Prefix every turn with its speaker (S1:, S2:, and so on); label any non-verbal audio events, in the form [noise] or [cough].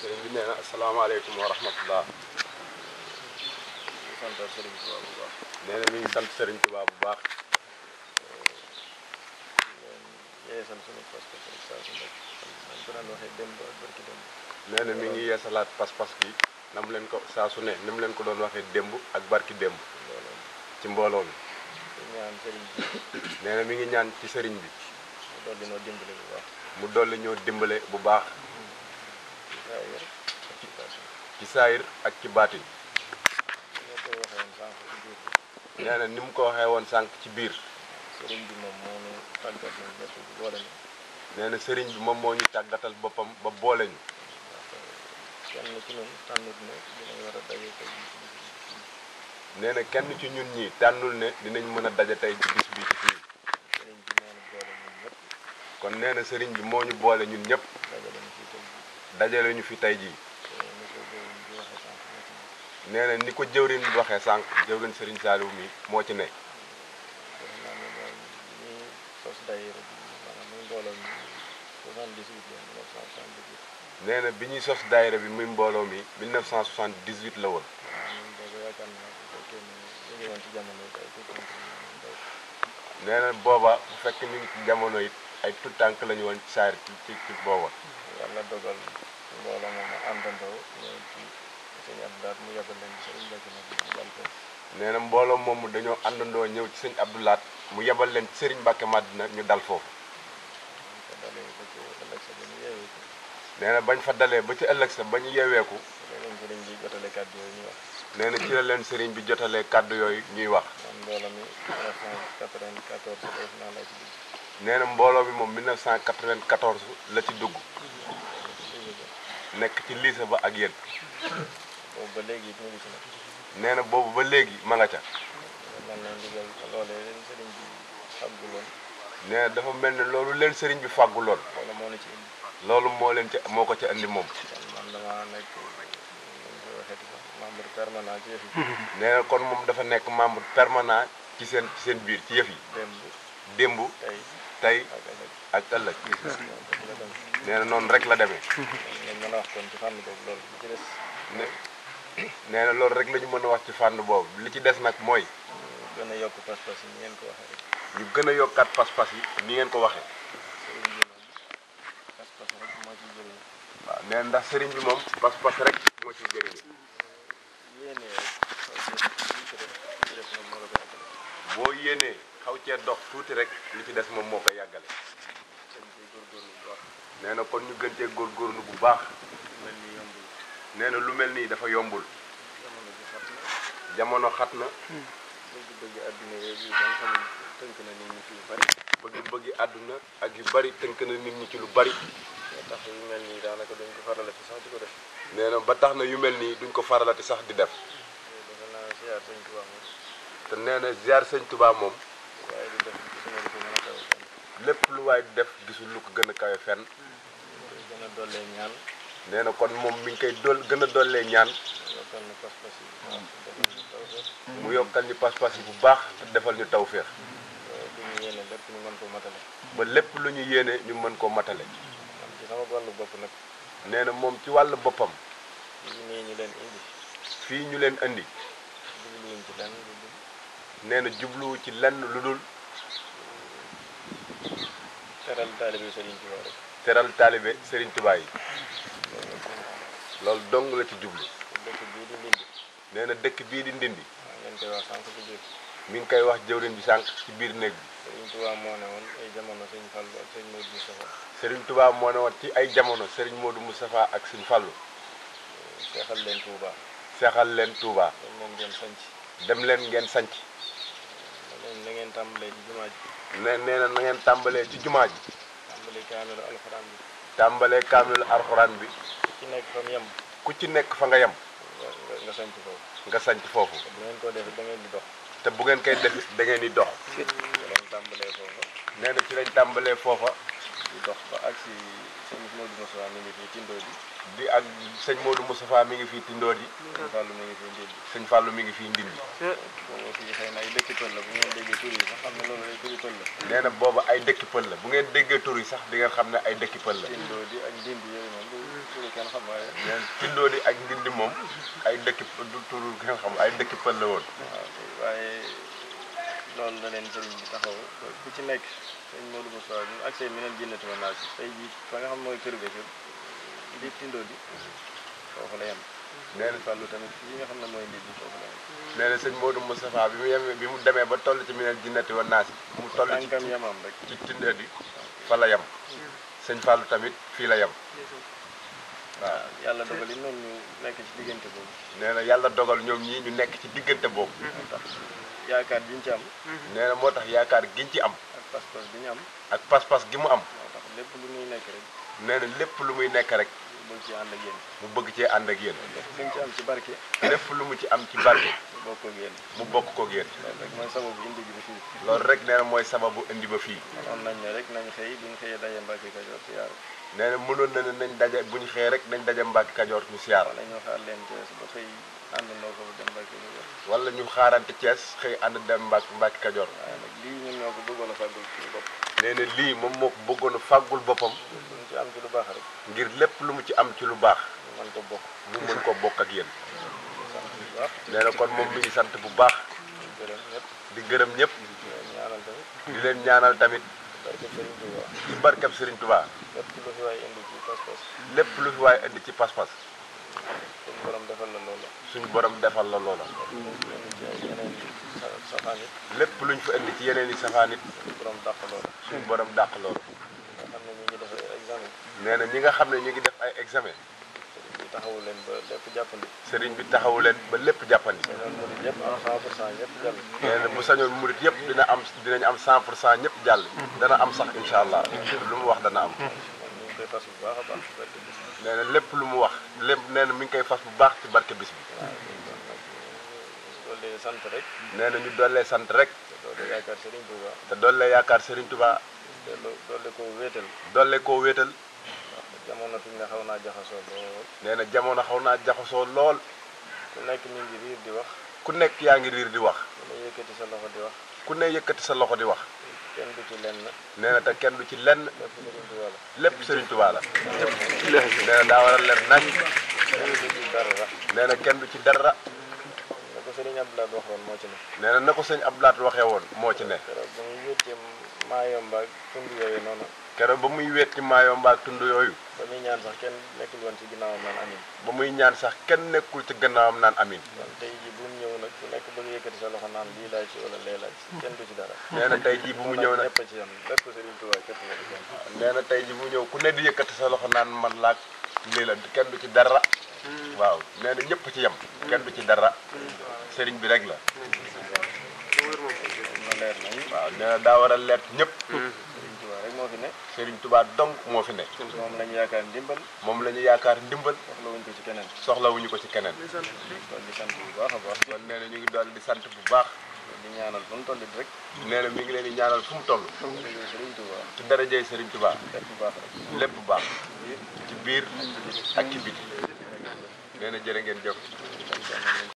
S1: sëriñ bi nee na asalaamaaleykum wa rahmatullah.
S2: sant sëriñ mi ngi sant sëriñ Tuubaa bu baax. yeesal sunu
S1: pas-pas mi ngi yeesalaat pas-pas gi nam leen ko saa ni mu leen ko doon waxee démb ak barki démb. ci mbooloo mi. ñaan bi. mi ngi ñaan ci sëriñ bi. mu dolli mu dolli ñoo dimbale bu baax. ci saayir ak ci baatin nee ni mu ko waxee woon sànq ci biir sëriñ bi moom sëriñ bi moom moo ñu tàggatal boppam ba boole ñu kenn ci ñun kenn ci ñun ñi tànnul ne dinañ mën a daje tey ci bis bi ci fii kon nee sëriñ bi moo ñu boole ñun ñëpp dajale ñu fi tey jii nee na ni ko jëwrin bi waxee sànq jëwrin sëriñ Saliou mi moo ci ne nee na bi ñuy sos dayre bi muy mbooloo mi cent 1978 la woon nee na booba bu fekk ni jamono it ay tànk lañu woon ci saar ci ci booba loola moom àndandoo ñëw ci sëñ Abdoulaat mu yebal leen na mbooloo moomu dañoo àndandoo ñëw ci sëñ Abdoulaat mu yebal leen ci sëriñ màdd Madina ñu dal foofu. nee na bañ fa dalee ba ci ëllëg sa ba ñu yeeweeku. nee na ci la leen sëriñ bi jotalee kàddu yooyu ñuy wax. nee na mbooloo bi moom 1994 la ci dugg. nekk ci lycée ba ak yéen. boobu nee na boobu ba léegi ma nga ca.
S2: man la ndigal loolee leen
S1: na dafa mel ne loolu leen sëriñ bi fàgguloon. lool moo la ci loolu moo leen ca moo ko ca indi moom. man damaa nekk membre permanent ci [laughs] kon moom dafa nekk membre permanent ci seen seen biir ci yëf yi. démb démb. tey. ak ëllëg nee na noonu rek la demee
S2: mën a wax ci fànn boobu loolu li ci des
S1: nee na loolu rek lañu mën a wax ci fànn boobu li ci des nag mooy gën a yokk pas-pas yi ni ngeen ko waxee ñu gën a yokkaat pas-pas yi ni ngeen ko waxee waaw nee na ndax sëriñ bi moom pas-pas rek moo ci jëriñi boo yéenee xaw cee dox tuuti rek li ci des moom moo ko yàggale nee kon ñu gor gor góorgóorlu bu baax nee lu mel dafa yombul jamono xatna bëgg bëgg aduna ak yu bari tënk na nit ñi ci lu bari tax yu mel da naka duñ ko
S2: faralati sax di ko def
S1: nee ba tax na yu mel duñ ko faralati sax di def te nee ziar sëñ touba mom lepp lu way def gisul lu ko gëna kawé fenn dollee ñaan nee kon mom mi ngi koy dol gën a ñaan hmm. mu yokkal ni pass pass yi bu baax defal ñu tawfiq ba lepp lu ñu yéene ñu mën ko matalé
S2: matale
S1: nee na moom ci wàllu boppam fi ñu leen indi nee jublu ci lenn lu
S2: teral taalibe Sëriñ ci rek
S1: teral taalibe Serigne Touba yi loolu dong la ci jublu. dëkk bii di ndindi. nee na dëkk bii di ndindi. mi ngi koy wax jëwriñ bi sànq ci biir néeg bi. Serigne Touba moo ne woon ay jamono Serigne Fallou ak Serigne Modou Moustapha. Serigne woon ci ay jamono Serigne Modou Moustapha ak Serigne Fallou. seexal leen tuuba seexal leen tuuba dem leen ngeen sanc. dem leen ngeen sanc. na ngeen tàmbalee ci jumaa ji. nee na na ngeen tàmbalee ci jumaa ji.
S2: kaamilu alxuraan bi.
S1: tàmbalee kaamilu alxuraan bi. ku
S2: ci nekk fa nga yem.
S1: ku ci nekk fa nga yem. nga sanc foofu. nga sanc foofu. te bu ngeen ko def da ngeen di dox. te bu ngeen koy def da ngeen di dox. nee na ci lañ tàmbalee foofa. di ba ak si sëñ Modou Moustapha mu ngi fii tindoo di di ak sëñ Modou Moustapha mi ngi fii tindoo di sëñ Fallou mi ngi fii ndindi sëñ Fallou mi ngi fii ndindi boobu fii xëy na ay dëkki pël la bu ngeen déggee tur yi sax xam ne loolu ay dëkki pël ay dëkki la bu ngeen déggee tur yi sax di ngeen xam ne ay dëkki pël la tindoo di ak ndindi yooyu moom turu kenn xam waaye neen tindoo di ak ndindi moom ay dëkki turu kenn xam ay dëkki pël la woon
S2: waaye loolu la leen sëriñ bi ci nekk sëñ Modou Moussa bi mu accès mi neen jinnati xam mooy kër ga kër di tindoo di foofu la yem nee na tamit fii nga xam ne mooy nit bi foofu la
S1: yem nee bi mu demee ba toll ci mi neen jinnati wa naaj mu toll ci tànkam yemam rek ci tindoo di fa la yem sëñ fàllu tamit fii la yem waaw yàlla dogal yi ñoom ñu nekk ci diggante boobu nee yàlla dogal ñoom ñii ñu nekk ci diggante boobu yaakaar bi ñu ci am. Mhm. nee moo tax yaakaar giñ ci am. ak pas-pas bi ñu am. ak pas-pas gi mu am. lépp lu muy nekk rek. nee na lépp lu muy nekk rek. mu bëgg ànd ak yéen. mu bëgg cee ànd ak yéen. lépp lu mu ci am ci barke. lépp lu mu ci am ci barke. mu bokk koog yéen. mu bokk koog yéen. loolu rek mooy sababu indi bi fii. loolu rek nee na mooy sababu indi ba fii. xamoon nañ ne rek nañ xëy bi ñu xëyee daje Mbacke Kajoor si nee na mënoon na ne nañ daje bu ñu xëyee rek nañ daje Mbacke Kajoor ñu siyaar. wala ñu xaar leen Thiès ba xëy wala ñu xaarante Thiès xëy ànd dem Mbacke Mbacke Kajoor. waaye nag lii a bopp. nee na moom moo ko a fàggul boppam. lu ci am ci lu baax rek. ngir lépp lu mu ci am ci lu baax. mu mën ko bokk mu mën bokk ak yéen. nee na kon moom mi ngi sant bu baax. di gërëm ñëpp. di leen ñaanal tamit. di barkeb Serigne Touba.
S2: lépp lu fi waay indi ci pas
S1: lépp lu fi waay indi ci pas-pas. borom defal la loola. suñu borom defal la loola. lépp luñ fa indi ci yeneen i safaan it. suñu borom dàq loola. suñu borom dàq loola. nee na ñi nga xam ne ñu ngi def ay examen.
S2: taxawu leen ba lépp jàppandi.
S1: sëriñ bi taxawu leen ba lépp jàppandi. ñëpp am 100 pour
S2: cent ñëpp jàll.
S1: nee na bu sañoon murit yëpp am dinañ am ñëpp jàll. dana am sax incha allah. lu mu wax dana am. nee na lépp lu mu wax lépp nee na mi ngi koy fas bu baax ci barke bis bi. nee na ñu dollee sant rek. te dollee yaakaar Serigne Touba.
S2: te dollee koo wéetal.
S1: dollee koo wéetal.
S2: fi ne xaw naa jaxasoo
S1: nee na jamono xaw naa jaxasoo lool. ku nekk mi ngi di wax. ku nekk yaa ngi riir di wax.
S2: ku ne yëkkati di
S1: ku ne yëkkati sa loxo di wax.
S2: kenn du ci lenn.
S1: nee na te kenn du ci lenn. lépp Serigne Touba la. lépp Serigne Touba la. nee na daa war a leer nañ. nee na kenn du ci dara.
S2: na ko sëriñ Abdoulaye waxoon moo ci ne.
S1: nee na na ko sëriñ Abdoulaye waxee woon moo ci ne.
S2: keroog ba mu yóotee maa
S1: keroog ba muy wet ci Maayomba ak tund yooyu.
S2: ba muy ñaan sax kenn nekkul woon ci ginnaawam naan
S1: amin. ba muy ñaan sax kenn nekkul ci gannaawam naan amin. kon
S2: tey jii bu mu ñëw nag ku nekk bëgg yëkkati naan lii laaj ci wala lee laaj kenn du na tey jii bu mu ñëw nag ñëpp ci yem lépp Serigne Touba képp la di kenn. nee na
S1: tey jii bu mu ñëw ku ne di yëkkati sa loxo naan man laaj lii la kenn du ci dara. waaw nee na ñëpp ci yem. kenn du ci dara. Serigne bi rek la. Mm. waaw nee na daa war a leer ñëpp. moo fi ne Serigne Touba dong moo fi ne moom lañu yaakaar ndimbal moom la ñu yaakaar ndimbal soxlawuñu ko ci keneen soxlawuñu ko ci keneen kon di sant bu baax a baax ñu ngi doon di sant bu baax di ñaanal fu mu toll rek nee na mi ngi di ñaanal fu mu toll Serigne Touba te darajey Serigne Touba lépp baax rek lépp baax ci biir ak ci biti nee na jërë ngeen jëf